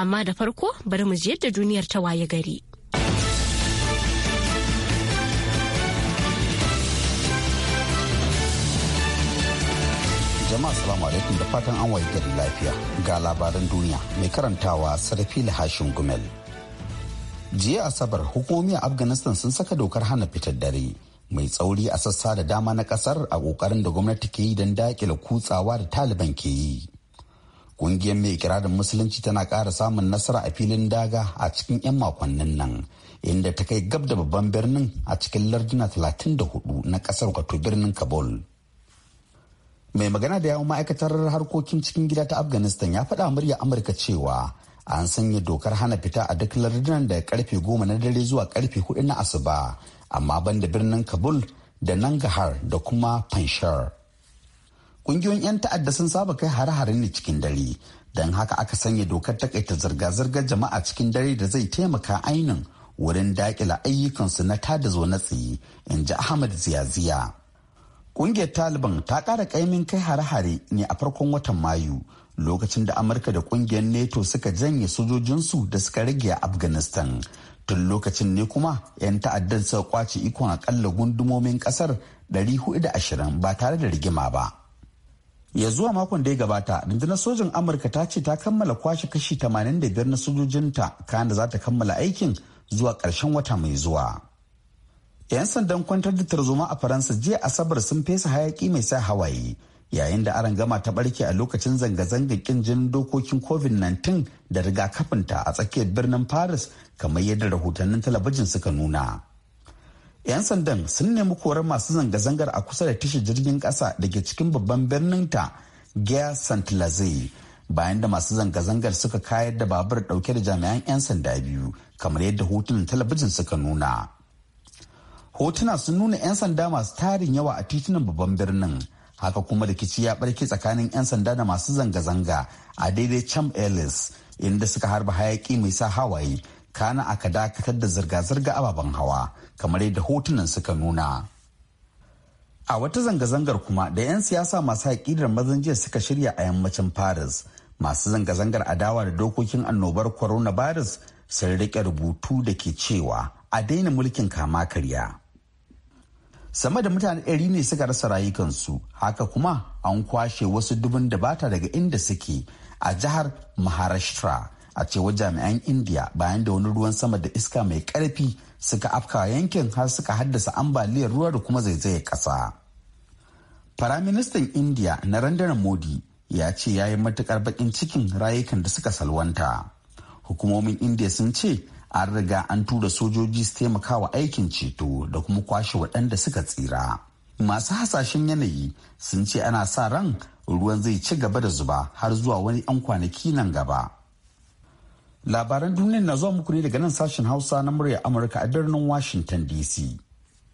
Amma da farko bari mu yadda duniyar ta waye gari. Jama'a salamu alaikum da fatan an waye gari lafiya ga labaran duniya mai karantawa sarfi hashin gumel. Jiya Asabar hukumomi a Afghanistan sun saka dokar hana fitar dare. mai tsauri a sassa da dama na kasar a kokarin da gwamnati ke yi don dakile kutsawa da taliban ke yi Ƙungiyar mai ikirarin musulunci tana kara samun nasara a filin daga a cikin 'yan makonnin nan, inda ta kai gab da babban birnin a cikin larduna 34 na kasar wato birnin Kabul. Mai magana da yawon ma'aikatar harkokin cikin gida ta Afghanistan ya faɗa murya Amurka cewa an sanya dokar hana fita a duk lardunan da karfe goma na dare zuwa karfe hudu na asuba, amma banda birnin Kabul da Nangahar da kuma Panshar. kungiyoyin 'yan ta'adda sun saba kai hare-hare ne cikin dare don haka aka sanya dokar takaita zirga-zirgar jama'a cikin dare da zai taimaka ainin wurin daƙila ayyukansu na tada zo na tsaye in ji ahmad ziyaziya ƙungiyar taliban ta ƙara ƙaimin kai hare-hare ne a farkon watan mayu lokacin da amurka da ƙungiyar neto suka janye sojojinsu da suka rage a afghanistan tun lokacin ne kuma 'yan ta'addar suka kwace ikon akalla gundumomin ƙasar 420 ba tare da rigima ba. ya zuwa makon da ya gabata rundunar sojin amurka ta ce ta kammala kwashe kashi 85 na sojojinta kayan da za ta kammala aikin zuwa ƙarshen wata mai zuwa 'yan sandan kwantar da tarzoma a faransa jiya asabar sun fesa hayaki mai sa hawaye yayin da aron gama ta barke a lokacin zanga-zangar kin jinin dokokin covid-19 da rigakafinta a tsakiyar birnin paris kamar yadda rahotannin talabijin suka nuna 'yan sandan sun nemi korar masu zanga-zangar a kusa da tashi jirgin kasa da ke cikin babban birnin ta gaya st bayan da masu zanga-zangar suka kayar da babur dauke da jami'an 'yan sanda biyu kamar yadda hotunan talabijin suka nuna hotuna sun nuna 'yan sanda masu tarin yawa a titunan babban birnin haka kuma rikici ya barke tsakanin 'yan sanda da masu zanga-zanga a daidai cham ellis inda suka harba hayaki mai sa hawaye kana aka dakatar da zirga-zirga ababen hawa kamar yadda hotunan suka nuna a wata zanga-zangar kuma da 'yan siyasa masu haƙidar mazan jiya suka shirya a yammacin paris masu zanga-zangar adawa da dokokin annobar coronavirus sun riƙe rubutu da ke cewa a daina mulkin kama karya sama da mutane ɗari ne suka rasa rayukansu haka kuma an kwashe wasu dubun da bata daga inda suke a jihar maharashtra a cewar jami'an indiya bayan da wani ruwan sama da iska mai karfi suka afka yankin har suka haddasa ambaliyar ruwa da kuma zaizayar kasa faraministan indiya narendra modi ya ce ya yi matukar bakin cikin rayukan da suka salwanta hukumomin indiya sun ce an riga an tura sojoji su taimaka wa aikin ceto da kuma kwashe waɗanda suka tsira masu hasashen yanayi sun ce ana sa ran ruwan zai ci gaba da zuba har zuwa wani 'yan kwanaki nan gaba Labaran duniyar na zuwa muku ne daga nan sashen Hausa na murya Amurka a birnin Washington DC.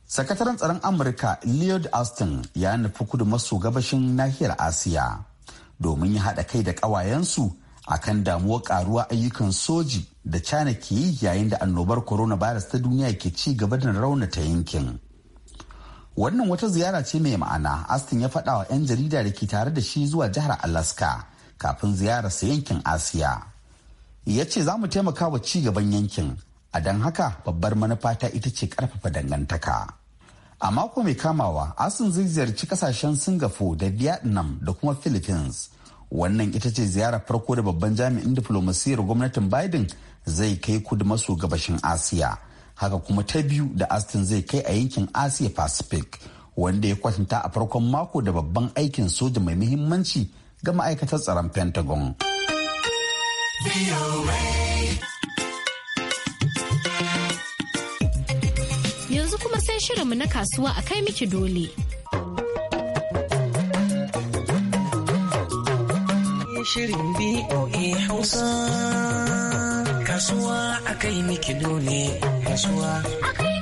Sakataren tsaron Amurka leod Austin ya nufi kudu maso gabashin nahiyar Asiya domin ya haɗa kai da ƙawayensu akan damuwar ƙaruwa ayyukan soji da China ke yi yayin da annobar Corona coronavirus ta duniya ke ci gaba da raunata yankin. Wannan wata ziyara ce mai ma'ana, Astin ya faɗawa 'yan jarida da ke tare da shi zuwa jihar Alaska kafin ziyararsa yankin Asiya. ya ce za mu taimaka wa ci gaban yankin a don haka babbar manufa ta ita ce karfafa dangantaka a mako mai kamawa asin zai ziyarci kasashen singapore da vietnam da kuma philippines wannan ita ce ziyarar farko da babban jami'in diflomasiyyar gwamnatin biden zai kai kudu maso gabashin asiya haka kuma ta biyu da astin zai kai a yankin asia pacific wanda ya kwatanta a farkon mako da babban aikin soja mai muhimmanci ga ma'aikatar tsaron pentagon. Yanzu kuma sai shirinmu na kasuwa a kai miki dole. Shirin BOA Hausa kasuwa a kai miki dole kasuwa a kai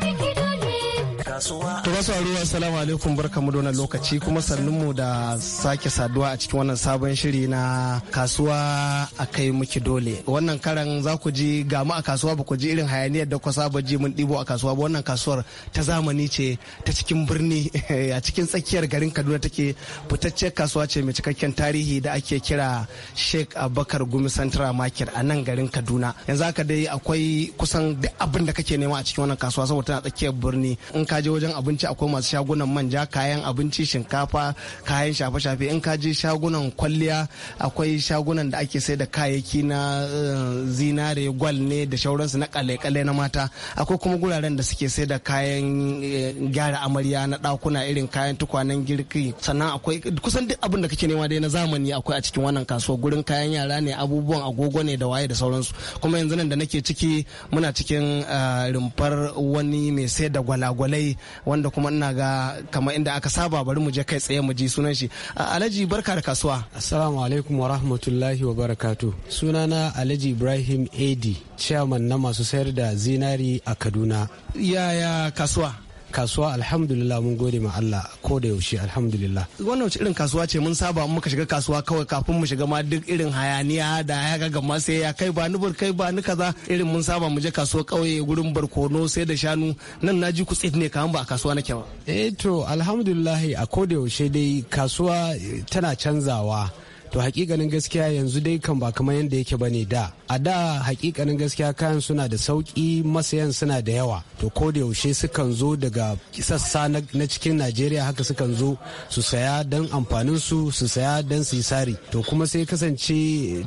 kasuwa. To su aro assalamu alaikum barkamu da wannan lokaci kuma mu da sake saduwa a cikin wannan sabon shiri na kasuwa a kai muki dole. Wannan karan za ku ji gamu a kasuwa ba ku ji irin hayaniyar da ku saba ji mun ɗibo a kasuwa ba wannan kasuwar ta zamani ce ta cikin birni a cikin tsakiyar garin Kaduna take fitacciyar kasuwa ce mai cikakken tarihi da ake kira Sheikh Abubakar Gumi Central Market a nan garin Kaduna. Yanzu haka dai akwai kusan duk abin da kake nema a cikin wannan kasuwa saboda tana tsakiyar birni in ka je je wajen abinci akwai masu shagunan manja kayan abinci shinkafa kayan shafe-shafe in ka je shagunan kwalliya akwai shagunan da ake sai da kayayyaki na eh, zinare gwal ne da shauransu na kale-kale na mata akwai kuma guraren da suke sai da kayan eh, gyara amarya na dakuna irin kayan tukwanen girki sannan akwai kusan duk abin da kake nema dai na zamani akwai a cikin wannan kasuwa gurin kayan yara ne abubuwan agogo ne da waye da sauransu kuma yanzu nan da nake ciki muna cikin eh, rumfar wani mai sai da gwalagwalai wanda kuma ina ga kamar inda aka saba bari mu je kai tsaye mu ji sunan shi alhaji barka da kasuwa assalamu alaikum wa rahmatullahi wa barakatu sunana alhaji ibrahim ad chairman na masu sayar da zinari a kaduna yaya kasuwa kasuwa alhamdulillah mun gode ma Allah ko da yaushe alhamdulillah wannan wace irin kasuwa ce mun saba mun muka shiga kasuwa kawai kafin mu shiga ma duk irin hayaniya da ya ga gamma sai ya kai ba ni kai ba ni kaza irin mun saba mu je kasuwa kauye gurin barkono sai da shanu nan na ji kutsit ne kaman ba a kasuwa nake ba eh to alhamdulillah a ko da yaushe dai kasuwa tana canzawa to hakikanin gaskiya yanzu dai kan ba kamar yadda yake bane da a da hakikanin gaskiya kayan suna da sauki masayan suna da yawa to ko da yaushe sukan zo daga sassa na cikin najeriya haka sukan zo su saya don amfanin su su saya don su yi sari to kuma sai kasance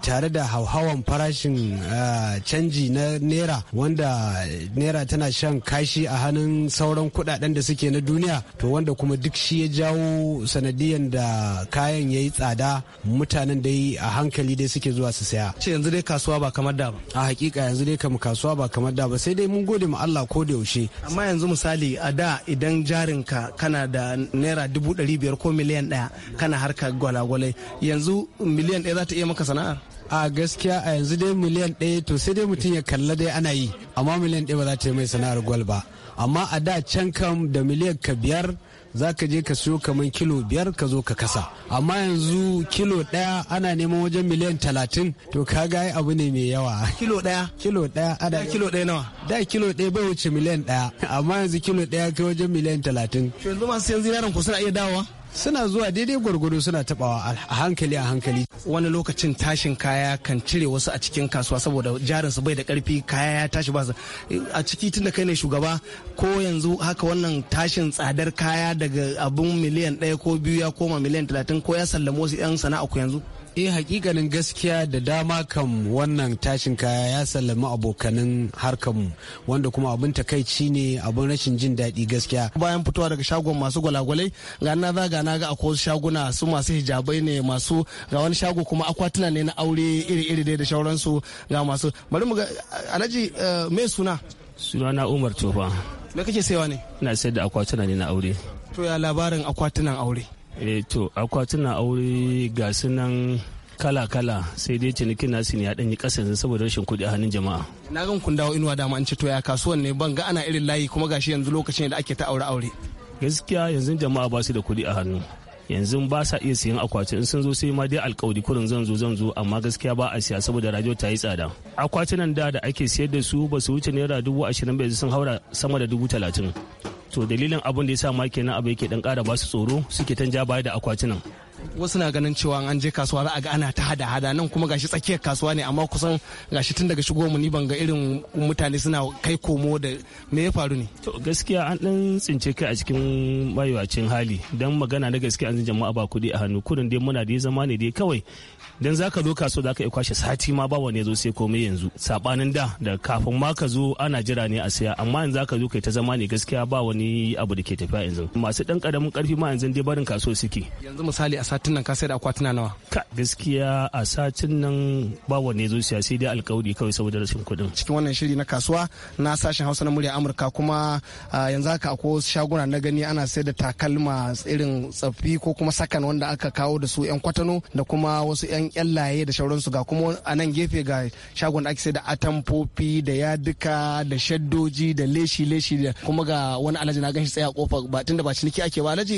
tare da hauhawan farashin ah, canji na naira wanda naira tana shan kashi a hannun sauran kudaden da suke na duniya to wanda kuma duk shi ya jawo sanadiyan da kayan ya yi tsada mutanen yi a hankali dai suke zuwa su saya ce yanzu dai kasuwa ba kamar da ba a hakika yanzu dai kamar kasuwa ba kamar da ba sai dai mun gode ma Allah ko da yaushe amma yanzu misali a da idan jarinka kana da naira dubu ɗari biyar ko miliyan ɗaya kana harka gwalagwalai yanzu miliyan ɗaya za ta iya maka sana'ar a gaskiya a yanzu dai miliyan ɗaya to sai dai mutum ya kalla dai ana yi amma miliyan ɗaya ba za ta yi mai sana'ar gwal ba amma a da can kam da miliyan ka biyar za ka je ka siyo kamar kilo biyar ka zo ka kasa amma yanzu kilo ɗaya ana neman wajen miliyan talatin to ka ga abu ne mai yawa kilo ɗaya kilo ɗaya ada kilo ɗaya nawa da kilo ɗaya bai wuce miliyan ɗaya amma yanzu kilo ɗaya kai wajen miliyan talatin to yanzu masu yanzu yaran ku suna iya dawowa suna zuwa daidai gwargwado suna tabawa a hankali a hankali wani lokacin tashin kaya kan cire wasu a cikin kasuwa saboda jarin su bai da karfi kaya ya tashi ba a ciki tun da kai ne shugaba ko yanzu haka wannan tashin tsadar kaya daga abun miliyan ɗaya ko biyu ya koma miliyan talatin ko ya sallamo wasu yan sana'a ku yanzu eh hakikanin gaskiya da dama kam wannan tashin kaya ya sallami abokanin harkarmu wanda kuma abin takaici ne abin rashin jin daɗi gaskiya bayan fitowa daga shagon masu gwalagwalai ga na za ga na ga akwai shaguna su masu hijabai ne masu ga wani shago kuma akwatuna ne na aure iri-iri dai da shauransu ga masu bari mu ga alhaji eh, me suna sunana umar tofa me kake sayawa ne ina sayar da akwatuna ne na aure to ya labarin akwatunan aure e to akwatuna aure ga sunan kala-kala sai dai cinikin nasu ne ya yi kasa yanzu saboda rashin kuɗi a hannun jama'a. Na gan kun dawo inuwa dama an ce to ya kasuwan ne ban ga ana irin layi kuma gashi yanzu lokacin da ake ta aure aure. Gaskiya yanzu jama'a ba su da kudi a hannu. yanzu ba sa iya siyan akwati in sun zo sai ma dai alkawari kurin zan zo zan zo amma gaskiya ba a siya saboda radio ta yi tsada akwatunan da da ake siyar da su ba su wuce naira dubu ashirin ba sun haura sama da dubu talatin to dalilin abin da ya sa ma kenan abu yake dan kara basu tsoro suke ja baya da akwatunan wasu na ganin cewa an je kasuwa za a ga ana ta hada hada nan kuma gashi tsakiyar kasuwa ne amma kusan gashi tun daga shigo mu ni ban ga irin mutane suna kai komo da me ya faru ne to gaskiya an dan tsince kai a cikin mayuwacin hali dan magana na gaskiya an jama'a ba kudi a hannu kudin dai muna da zama ne dai kawai dan zaka zo kaso aka iya kwashe sati ma ba wani zo sai komai yanzu sabanin da da kafin ma ka zo ana jira ne a saya amma yanzu zaka zo kai ta zama ne gaskiya ba wani abu da ke tafiya yanzu masu dan karamin karfi ma yanzu dai barin kaso suke yanzu misali a satin nan ka sai da akwatuna nawa ka gaskiya a satin nan ba wani zo siya sai dai alkawari kawai saboda rashin kuɗin cikin wannan shiri na kasuwa na sashen Hausa na murya Amurka kuma yanzu haka akwai shaguna na gani ana sai da takalma irin tsaffi ko kuma sakan wanda aka kawo da su yan kwatano da kuma wasu yan kyallaye da shauransu ga kuma a nan gefe ga shagon da ake sai da atamfofi da yaduka da shaddoji da leshi leshi da kuma ga wani alhaji na ganshi tsaya kofa ba tunda ba ciniki ake ba alhaji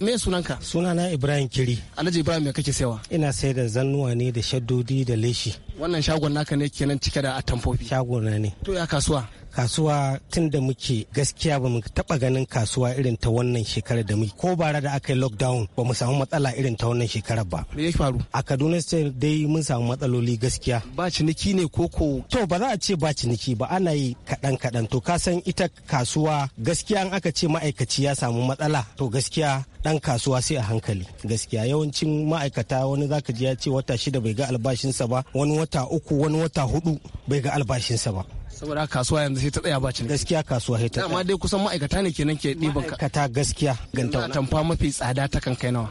me sunanka sunana ibrahim kiri alhaji ibrahim me kake sayawa ina sai da zannuwa ne da shaddodi da leshi wannan shagon naka ne kenan cike da atamfofi shagon ne to ya kasuwa kasuwa tun da muke gaskiya ba mu taɓa ganin kasuwa irin ta wannan shekarar da muke ko bara da aka yi lockdown ba mu samu matsala irin ta wannan shekarar ba. Me yake faru? A Kaduna State dai mun samu matsaloli gaskiya. Ba ciniki ne ko ko? To ba za a ce ba ciniki ba ana yi kaɗan kaɗan to ka san ita kasuwa gaskiya an aka ce ma'aikaci ya samu matsala to gaskiya dan kasuwa sai a hankali gaskiya yawancin ma'aikata wani zaka ji ya ce wata shida bai ga albashinsa ba wani wata uku wani wata hudu bai ga albashinsa ba saboda kasuwa yanzu sai ta tsaya ba cin gaskiya kasuwa sai ta amma dai kusan ma'aikata ne kenan ke ɗiban ka ma'aikata gaskiya ganta tamfa mafi tsada ta kan kai nawa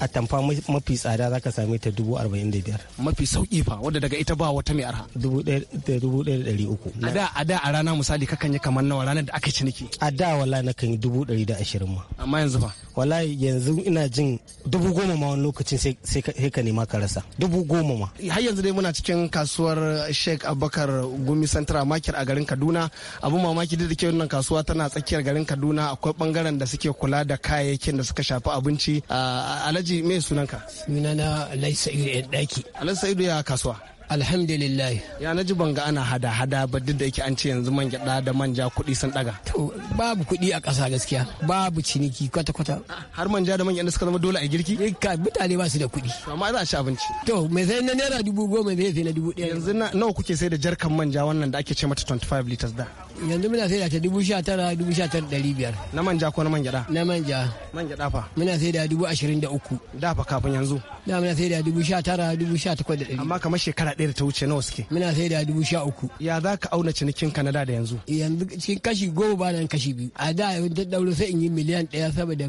a tamfa mafi tsada zaka same ta dubu arba'in da biyar mafi sauki fa wanda daga ita ba wata mai arha dubu ɗaya da dubu ɗaya da ɗari uku a da a da a rana misali kakan yi kamar nawa ranar da aka yi ciniki a da wallahi na kan yi dubu ɗari da ashirin ma amma yanzu fa wallahi yanzu ina jin dubu goma ma wani lokacin sai ka nema ka rasa dubu goma ma har yanzu dai muna cikin kasuwar sheik abubakar gumi central market market a garin kaduna abin mamaki da ke wannan kasuwa tana tsakiyar garin kaduna akwai bangaren da suke kula da kayayyakin da suka shafi abinci alhaji me sunanka sunana alhaji sa'idu ya daki alhaji sa'idu ya kasuwa alhamdulillah ya na ji banga ana hada-hada ba duk da yake an ce yanzu man gyada da manja kuɗi sun daga to babu kuɗi a ƙasa gaskiya babu ciniki kwata-kwata har manja da man gyada suka zama dole a girki eh, ka mutane ba su da kuɗi amma za a ci abinci to me sai na naira dubu goma me sai na dubu ɗaya yanzu nawa kuke sai da jarkan manja wannan da ake ce mata 25 liters da yanzu muna sai da ta dubu sha tara dubu sha tara ɗari biyar. Na manja ko na man gyaɗa? Na manja. Man gyaɗa fa? Muna sai da dubu ashirin da uku. Da fa kafin yanzu? Da muna sai da dubu sha tara dubu sha takwas da ɗari. Amma kamar shekara ɗaya da ta wuce nawa suke? Muna sai da dubu sha uku. Ya za ka auna cinikin Kanada da yanzu? Yanzu cikin kashi goma ba nan kashi biyu. A da ta ɗauro sai in yi miliyan ɗaya saboda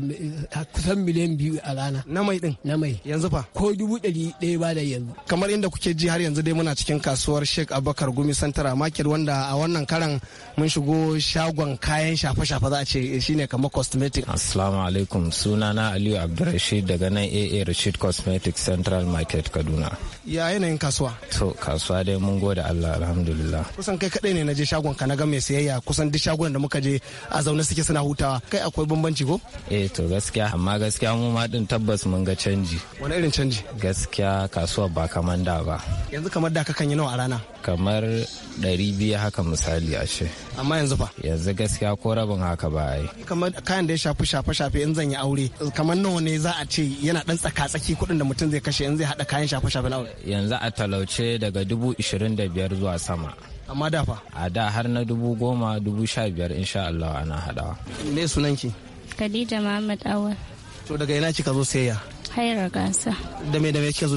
kusan miliyan biyu a rana. Na mai ɗin? Na mai. Yanzu fa? Ko dubu ɗari ɗaya ba da yanzu. Kamar inda kuke ji har yanzu dai muna cikin kasuwar Sheikh Abubakar Gumi Santara Market wanda a wannan karan mun shigo shagon kayan shafe-shafe za a ce eh, shine kamar cosmetic assalamu alaikum sunana aliyu abdurrashid daga nan aa rashid cosmetic central market kaduna ya yanayin kasuwa to kasuwa dai mun gode allah alhamdulillah kusan kai kadai ne na je shagon ka na ga mai siyayya kusan duk shagon da muka je a zaune suke suna hutawa kai akwai bambanci ko eh to gaskiya amma gaskiya mu ma din tabbas mun ga canji wani irin canji gaskiya kasuwa ba kamar da ba yanzu kamar da ka kan yi nawa a rana kamar ɗari biyu haka misali a ce. Amma yanzu fa? Yanzu gaskiya ko rabin haka ba yi. Kamar kayan da ya shafi shafe-shafe in zan yi aure kamar nawa ne za a ce yana ɗan tsaka-tsaki kuɗin da mutum zai kashe in zai haɗa kayan shafe-shafe na aure. Yanzu a talauce daga dubu ishirin da biyar zuwa sama. amma da fa a da har na dubu goma dubu sha biyar insha Allah ana hadawa me sunanki Khadija Muhammad Awal to daga ina kika zo sayya haira gasa. Da me da me kika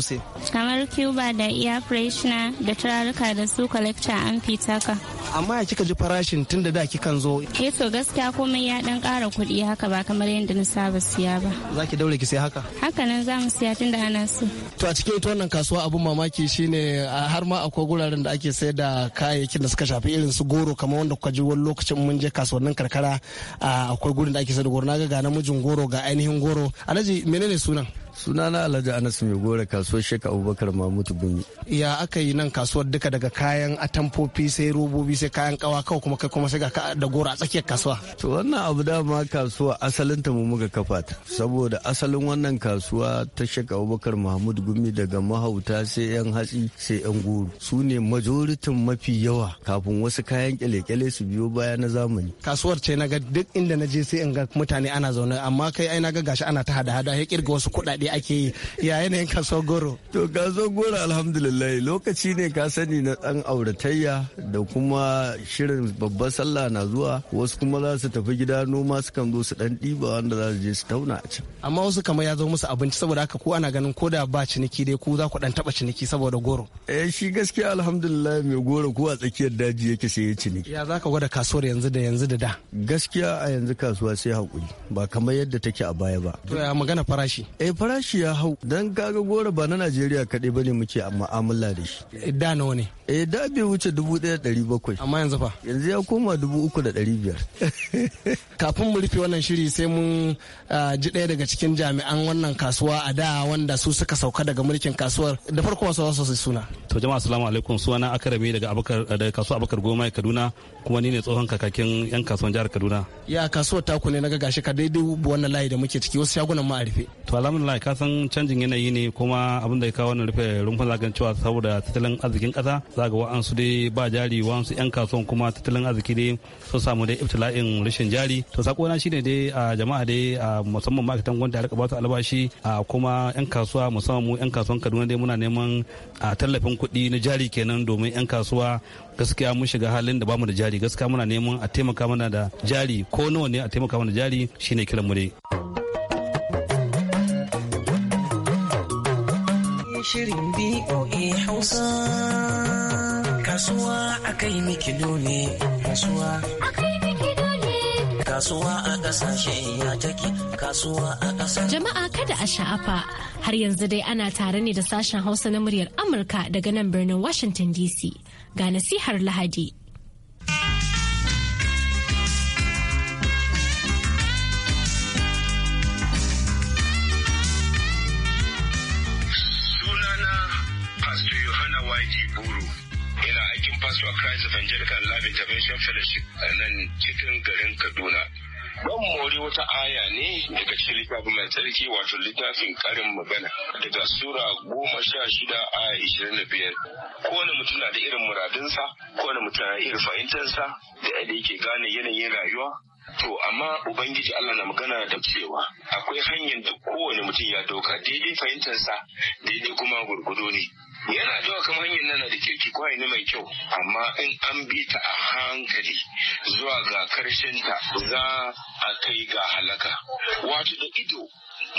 Kamar Cuba da air freshener da turaruka da su collector an fitaka. Amma ya kika ji farashin tun da da kikan zo? Ke eh to gaskiya komai ya dan ƙara kuɗi haka ba kamar yadda na saba siya ba. Za ki daure ki sai haka? Haka nan za mu siya tun da ana so. To a cikin ita wannan kasuwa abun mamaki shine har ma akwai guraren da ake sayar da kayayyakin da suka shafi irin su goro kamar wanda kuka ji wani lokacin mun je kasuwannin karkara akwai gurin da ake sayar da goro na ga ga namijin goro ga ainihin goro alhaji menene sunan sunana alhaji anas mai gora kasuwar sheka abubakar mamutu gumi ya aka yi nan kasuwar duka daga kayan atamfofi sai robobi sai kayan kawa kawai kuma kai kuma sai ga da gora a tsakiyar kasuwa to wannan abu dama kasuwa asalin ta mu muka kafa ta saboda asalin wannan kasuwa ta sheka abubakar mahmud gumi daga mahauta sai yan hatsi sai yan goro su ne majoritin mafi yawa kafin wasu kayan kyale-kyale su biyo baya na zamani kasuwar ce na ga duk inda na je sai in ga mutane ana zaune amma kai ai na ga gashi ana ta hada-hada ya kirga wasu kuɗaɗe daɗe ake yi ya yanayin kaso goro to kaso goro alhamdulillah lokaci ne ka sani na dan auratayya da kuma shirin babbar sallah na zuwa wasu kuma za su tafi gida noma su kan zo su dan diba wanda za su je su tauna a can amma wasu kamar ya zo musu abinci saboda haka ko ana ganin ko da ba ciniki dai ku za ku ɗan taɓa ciniki saboda goro eh shi gaskiya alhamdulillah mai goro ko a tsakiyar daji yake sai ya ciniki ya za ka gwada kasuwar yanzu da yanzu da da gaskiya a yanzu kasuwa sai haƙuri ba kamar yadda take a baya ba to ya magana farashi eh farashi farashi ya hau don kaga goro ba na Najeriya kaɗai ne muke mu'amala da shi. Eh, da nawa ne? Eh da bai wuce dubu ɗaya ɗari bakwai. Amma yanzu fa? Yanzu ya koma dubu uku da ɗari biyar. Kafin mu rufe wannan shiri sai mun ah, ji ɗaya daga cikin jami'an wannan kasuwa a da wanda su suka sauka daga mulkin kasuwar da farko wasu wasu suna. To jama'a assalamu alaikum suna akarami daga abakar eh, daga kasuwa abakar goma Kaduna kuma ni ne tsohon kakakin yan kasuwan jihar Kaduna. Ya kasuwar taku ne na gashi ka daidai wannan layi da muke ciki wasu shagunan ma a rufe. To alhamdulillah ka san canjin yanayi ne kuma abin da ya kawo wannan rufe rumfan zagan cewa saboda tattalin arzikin kasa za ga wa'ansu dai ba jari wa'ansu yan kasuwan kuma tattalin arziki dai sun samu dai ibtila'in rashin jari to sako na shine dai a jama'a dai a musamman kitan gwamnati a rika ba su albashi a kuma yan kasuwa musamman mu yan kasuwan Kaduna dai muna neman a tallafin kuɗi na jari kenan domin yan kasuwa gaskiya mun shiga halin da bamu da jari gaskiya muna neman a taimaka mana da jari ko nawa ne a taimaka mana da jari shine kiran mu dai shirin BOA Hausa. Kasuwa a kai mikido ne, kasuwa. Kasuwa a kasashe ya take, kasuwa a kasashe. Jama'a kada a sha'afa, har yanzu dai ana tare ne da sashen Hausa na muryar Amurka daga nan birnin Washington DC. Ga nasihar Lahadi. kasuwa Christ Evangelical Life Intervention Fellowship a nan cikin garin Kaduna. Don mori wata aya ne daga cikin littafin mai tsarki wato littafin karin magana daga Sura goma sha shida aya ishirin da biyar. Kowane mutum na da irin muradinsa, kowane mutum na irin fahimtarsa da yadda yake gane yanayin rayuwa To amma Ubangiji Allah na magana da cewa akwai hanyar da kowane mutum ya doka daidai fahimtarsa daidai kuma gurgudo ne. yana zuwa kamar hanyar nana da kirki kwa ne mai kyau amma in an bi ta a hankali zuwa ga karshen ta za a kai ga halaka wato da ido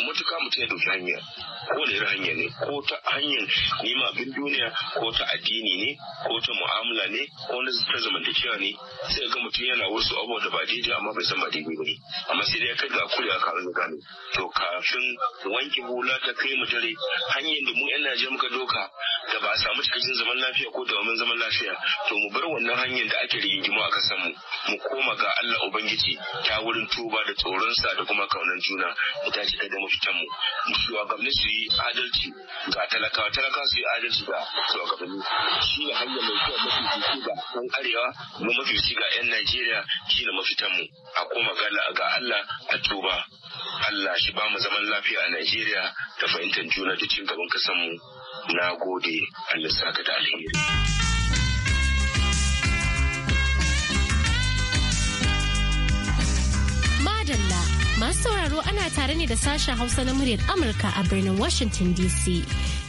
mutuka mutum ya dauki hanya ko da hanya ne ko ta hanyar nema abin duniya ko ta addini ne ko ta mu'amala ne ko na ta zamantakewa ne sai ga mutum yana wasu abubuwa da ba daidai amma bai san ba daidai ba ne amma sai dai kai ga kuri aka rasa gano to kafin wanke hula ta kai mu dare hanyar da mu yan Najeriya muka doka da ba a samu cikakken zaman lafiya ko dawamin zaman lafiya to mu bar wannan hanyar da ake rigingimu a kasan mu mu koma ga Allah Ubangiji ta wurin tuba da tsoronsa da kuma kaunar juna mu tashi kada mu mafitanmu shugabanni su yi adalci ga talakawa talakawa su yi adalci ga shugabanni shi ne hanyar mai kyau mafi jiki ga ɗan arewa mu mafi jiki ga 'yan najeriya shi ne mu a koma ga allah a tuba allah shi ba mu zaman lafiya a najeriya da fahimtar juna da cin gaban mu na gode allah saka da alheri. Masu sauraro ana tare ne da sashen Hausa na muryar Amurka a birnin Washington DC.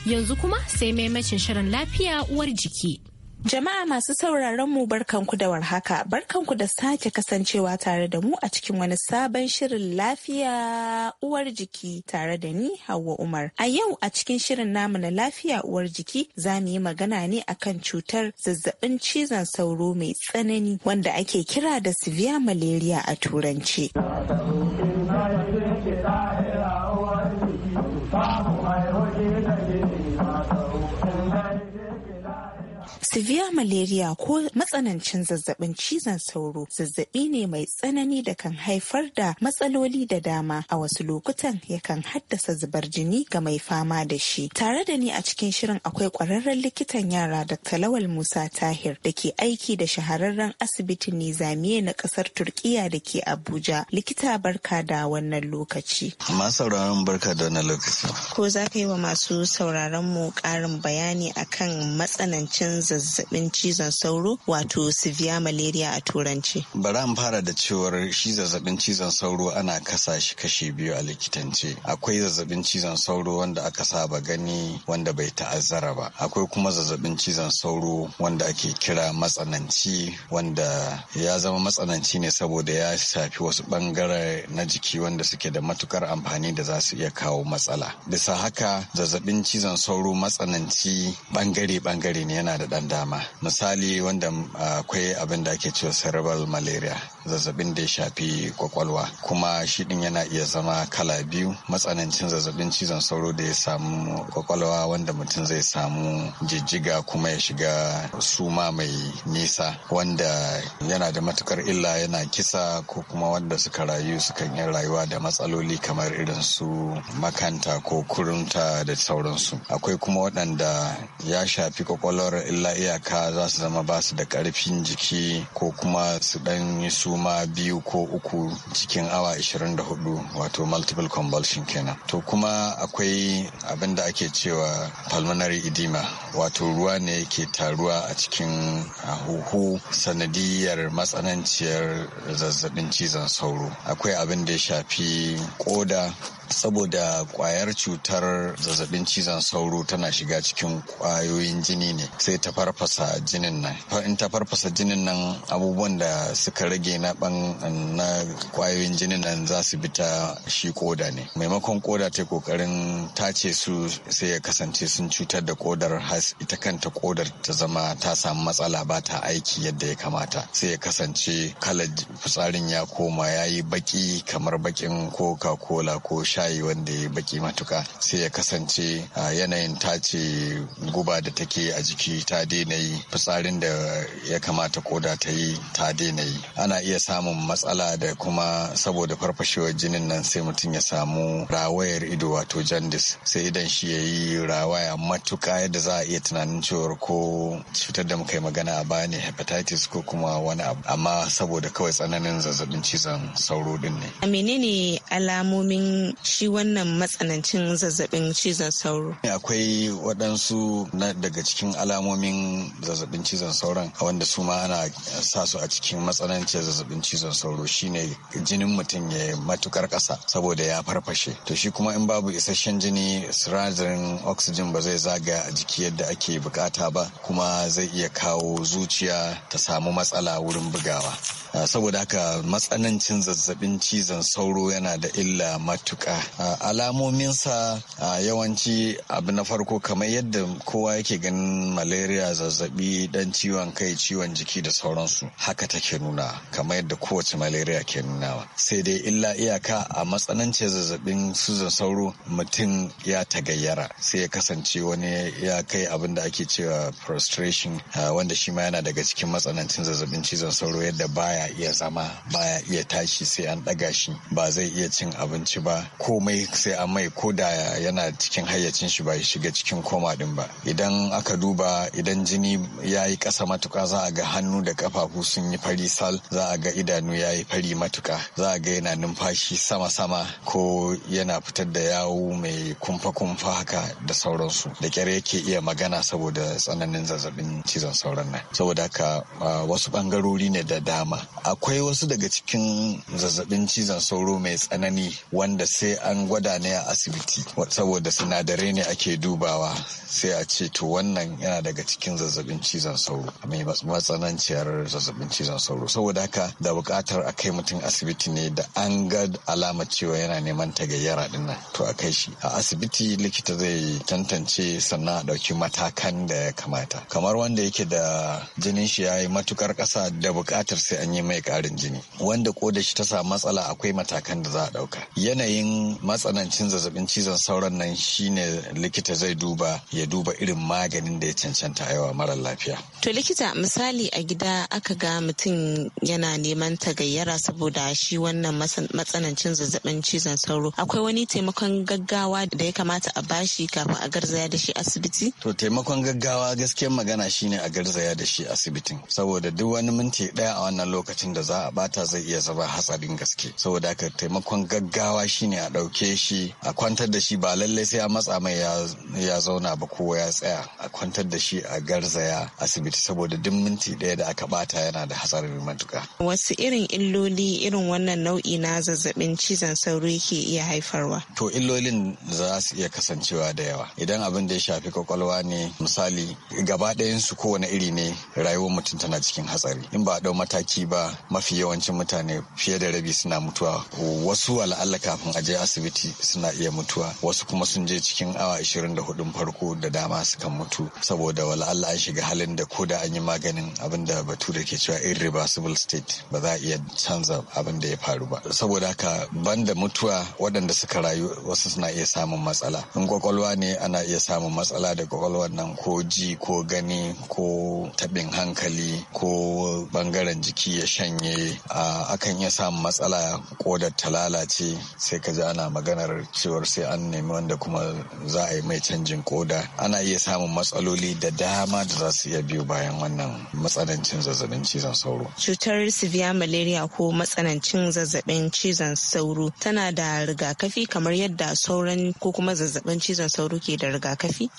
Yanzu kuma sai maimacin shirin lafiya uwar jiki. Jama'a masu sauraron mu barkanku da warhaka, barkanku da sake kasancewa tare da mu a cikin wani sabon shirin lafiya uwar jiki tare da ni Hauwa Umar. A yau a cikin shirin namu na lafiya uwar jiki za mu yi magana ne akan cutar zazzabin cizon sauro mai tsanani wanda ake kira da severe malaria a turanci. Severe malaria ko matsanancin zazzabin cizon sauro zazzabi ne mai tsanani da kan haifar da matsaloli da dama a wasu lokutan yakan haddasa zubar jini ga mai fama da shi. Tare da ni a cikin shirin akwai kwararren likitan yara da Talawal Musa Tahir da ke aiki da shahararren asibitin Nizamiye na kasar Turkiya da ke Abuja. Likita barka da wannan lokaci. Ko za ka yi wa masu sauraron mu ƙarin bayani akan matsanancin zazzabin zazzabin cizon sauro wato severe malaria a turanci. Bari an fara da cewar shi zazzabin cizon sauro ana kasa shi kashe biyu a likitance. Akwai zazzabin cizon sauro wanda aka saba gani wanda bai ta'azzara ba. Akwai kuma zazzabin cizon sauro wanda ake kira matsananci wanda ya zama matsananci ne saboda ya shafi wasu bangare na jiki wanda suke da matukar amfani da za su iya kawo matsala. Bisa haka zazzabin cizon sauro matsananci bangare-bangare ne yana da ɗan dama misali wanda ah, akwai abin da ake cewa cerebral malaria zazzabin da ya shafi kwakwalwa kuma shi din yana iya zama kala biyu matsanancin zazzabin cizon sauro da ya samu kwakwalwa wanda mutum zai samu jijjiga kuma ya shiga suma mai nisa wanda yana da matukar illa yana kisa ko kuma wanda suka rayu suka yi rayuwa da matsaloli kamar irin su makanta ko kurunta da sauransu akwai kuma waɗanda ya shafi kwakwalwar illa iyaka za su zama ba su da ƙarfin jiki ko kuma su ɗan yi su. kuma biyu ko uku cikin awa 24 wato multiple convulsion kenan to kuma akwai abin da ake cewa pulmonary edema wato ruwa ne ke taruwa a cikin huhu sanadiyar matsananciyar zazzabin cizon sauro akwai abin da ya shafi koda saboda kwayar cutar zazzabin cizon sauro tana shiga cikin kwayoyin jini ne sai ta farfasa jinin nan in ta farfasa jinin nan abubuwan da suka rage na ban na kwayoyin jinin nan za su bi ta shi koda ne maimakon koda ta kokarin tace su sai ya kasance sun cutar da kodar has ita kanta kodar ta zama ta samu matsala ba ta aiki yadda ya kamata sai ya kasance kalar fitsarin ya koma ya yi baki kamar bakin coca cola ko sha shayi wanda ya baki matuka sai ya kasance yanayin tace guba da take a jiki ta daina yi fitsarin da ya kamata koda ta yi ta daina yi ana iya samun matsala da kuma saboda farfashewar jinin nan sai mutum ya samu rawayar ido wato jandis sai idan shi ya yi rawaya matuka yadda za a iya tunanin cewar ko cutar da muka yi magana a baya ne hepatitis ko kuma wani abu amma saboda kawai tsananin zazzabin cizon sauro din ne menene alamomin shi wannan matsanancin zazzabin cizon sauro? Eh, akwai waɗansu daga cikin alamomin zazzabin cizon sauron wanda su ma ana sa su a cikin matsanancin zazzabin cizon sauro shine jinin mutum ya matukar ƙasa saboda ya farfashe. To shi kuma in babu isasshen jini sinadarin oxygen ba zai zaga a jiki yadda ake bukata ba kuma zai iya kawo zuciya ta samu matsala wurin bugawa. Ah, saboda haka matsanancin zazzabin cizon sauro yana da illa matuƙa sa a yawanci abu na farko kamar yadda kowa yake ganin malaria zazzabi dan ciwon kai ciwon jiki da sauransu haka take nuna kamar yadda kowace malaria ke nunawa sai dai illa iyaka a matsanancin zazzabin suzan sauro mutum ya tagayyara sai ya kasance wani ya kai abin da ake cewa prostration wanda shi ma yana daga cikin matsanancin zazzabin cizon sauro yadda baya iya zama baya iya tashi sai an ɗaga shi ba zai iya cin abinci ba komai sai a mai ko da yana cikin hayyacin shi ba shiga cikin koma din ba idan aka duba idan jini ya yi ƙasa matuka za a ga hannu da kafafu sun yi fari sal za a ga idanu ya yi fari matuka za a ga yana numfashi sama-sama ko yana fitar da yawu mai kumfa-kumfa haka da sauransu da kyar yake iya magana saboda tsananin zazzabin cizon sauran nan saboda haka wasu bangarori ne da dama akwai wasu daga cikin zazzabin cizon sauro mai tsanani wanda sai an gwada ne a asibiti saboda sinadarai ne ake dubawa sai a ce to wannan yana daga cikin zazzabin cizon sauro mai matsananciyar zazzabin cizon sauro saboda haka da bukatar a kai mutum asibiti ne da an ga alama cewa yana neman tagayyara din nan to a kai shi a asibiti likita zai tantance sannan a ɗauki matakan da ya kamata kamar wanda yake da jinin shi ya yi matukar ƙasa da bukatar sai an yi mai karin jini wanda ko da shi ta samu matsala akwai matakan da za a ɗauka yanayin matsanancin zazzabin cizon sauron nan shine likita zai duba ya duba irin maganin da ya cancanta yawa mara lafiya. To likita misali a gida aka ga mutum yana neman tagayyara saboda shi wannan matsanancin zazzabin cizon sauro akwai wani taimakon gaggawa da ya kamata a bashi kafin a garzaya da shi asibiti? To taimakon gaggawa gaskiyar magana shine a garzaya da shi asibitin saboda duk wani minti daya a wannan lokacin da za a bata zai iya zama hatsarin gaske saboda haka taimakon gaggawa shine a ɗauke shi a kwantar da shi ba lallai sai a matsa mai ya zauna ba ko ya tsaya a kwantar da shi a garzaya asibiti saboda duk minti ɗaya da aka bata yana da hatsarin matuka. Wasu irin illoli irin wannan nau'i na zazzabin cizon sauro ke iya haifarwa? To illolin za su iya kasancewa da yawa. Idan abin da ya shafi kwakwalwa ne misali gaba ɗayansu kowane iri ne rayuwar mutum tana cikin hatsari. In ba a dau mataki ba mafi yawancin mutane fiye da rabi suna mutuwa wasu ala'alla kafin a je asibiti suna iya mutuwa wasu kuma sun je cikin awa 24 farko da dama sukan mutu saboda wala Allah an shiga halin da ko da an yi maganin abin da da ke cewa irreversible state ba za a iya canza abin da ya faru ba saboda haka banda mutuwa waɗanda suka rayu wasu suna iya samun matsala in kwakwalwa ne ana iya samun matsala da kwakwalwar nan ko ji ko gani ko taɓin hankali ko bangaren jiki ya shanye ah, akan iya samun matsala kodar ta lalace sai ka ji ana maganar cewar sai an nemi wanda kuma za a yi mai canjin koda ana iya samun matsaloli da dama da za su iya biyo bayan wannan matsanancin zazzabin cizon sauro cutar severe malaria ko matsanancin zazzabin cizon sauro tana da rigakafi kamar yadda sauran ko kuma zazzabin cizon sauro ke da rigakafi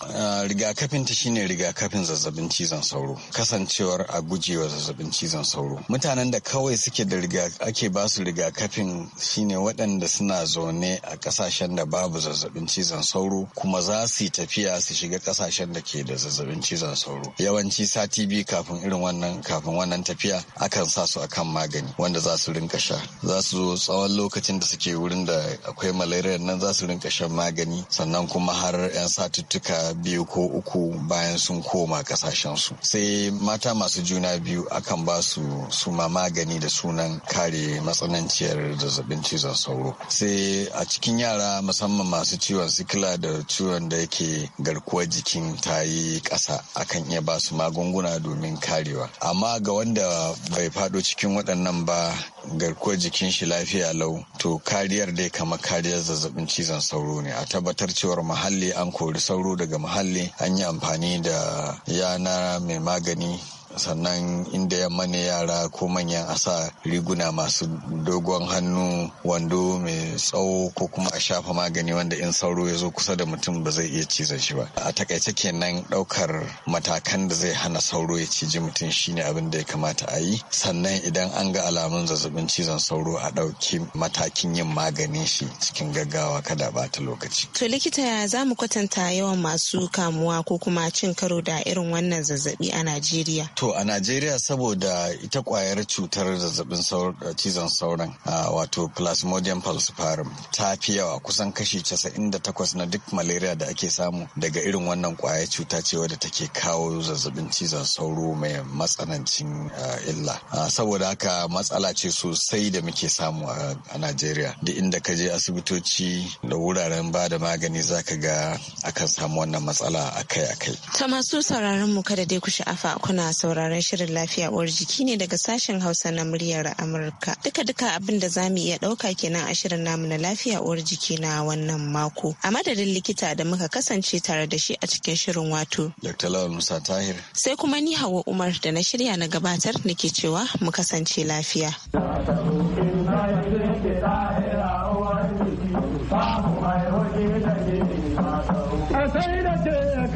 rigakafin ta shine rigakafin zazzabin cizon sauro kasancewar a gujewa zazzabin cizon sauro mutanen da kawai suke da ake ba su rigakafin shine waɗanda suna zaune ne a kasashen da babu zazzabin cizon sauro kuma za su yi tafiya su shiga kasashen da ke da zazzabin cizon sauro yawanci sati biyu kafin irin wannan kafin wannan tafiya akan sa su akan magani wanda za su rinka sha za su zo tsawon lokacin da suke wurin da akwai malaria nan za su rinka shan magani sannan kuma har 'yan satuttuka biyu ko uku bayan sun koma kasashen su sai mata masu juna biyu akan ba su su magani da sunan kare matsananciyar zazzabin cizon sauro sai a cikin yara musamman masu ciwon sikila da ciwon da yake garkuwar jikin ta yi ƙasa akan iya ba su magunguna domin karewa amma ga wanda bai faɗo cikin waɗannan ba garkuwar jikin shi lafiya lau to kariyar dai kama kariyar zazzabin cizon sauro ne a tabbatar cewar muhalli an kori sauro daga muhalli an yi amfani da yana mai magani sannan inda ya ne yara ko manyan a sa riguna masu dogon hannu wando mai tsawo ko kuma a shafa magani wanda in sauro ya zo kusa da mutum ba zai iya cizon shi ba a takaice kenan daukar matakan da zai hana sauro ya ciji mutum shine abin da ya kamata a yi sannan idan an ga alamun zazzabin cizon sauro a ɗauki matakin yin maganin shi cikin gaggawa kada bata lokaci to likita za mu kwatanta yawan masu kamuwa ko kuma cin karo da irin wannan zazzabi a najeriya To a Najeriya saboda ita kwayar cutar zazzabin cizon sauran wato Plasmodium falciparum ta fi yawa kusan kashi 98 na duk malaria da ake samu daga irin wannan kwayar cuta ce wadda take kawo zazzabin cizon sauro mai matsanancin illa. Saboda haka matsala ce sosai da muke samu a Najeriya. da inda ka je asibitoci da wuraren ba da magani ka ga akan samu wannan matsala akai-akai. Ta masu sauraron mu kada dai ku sha'afa kuna sauraron shirin lafiya uwar jiki ne daga sashen Hausa na muryar Amurka. Duka-duka abin da za mu iya ɗauka kenan a shirin namu na lafiya uwar jiki na wannan mako. A madadin likita da muka kasance tare da shi a cikin shirin wato. Dr. Musa Tahir. Sai kuma ni Hauwa Umar da na shirya na gabatar nake cewa mu kasance lafiya.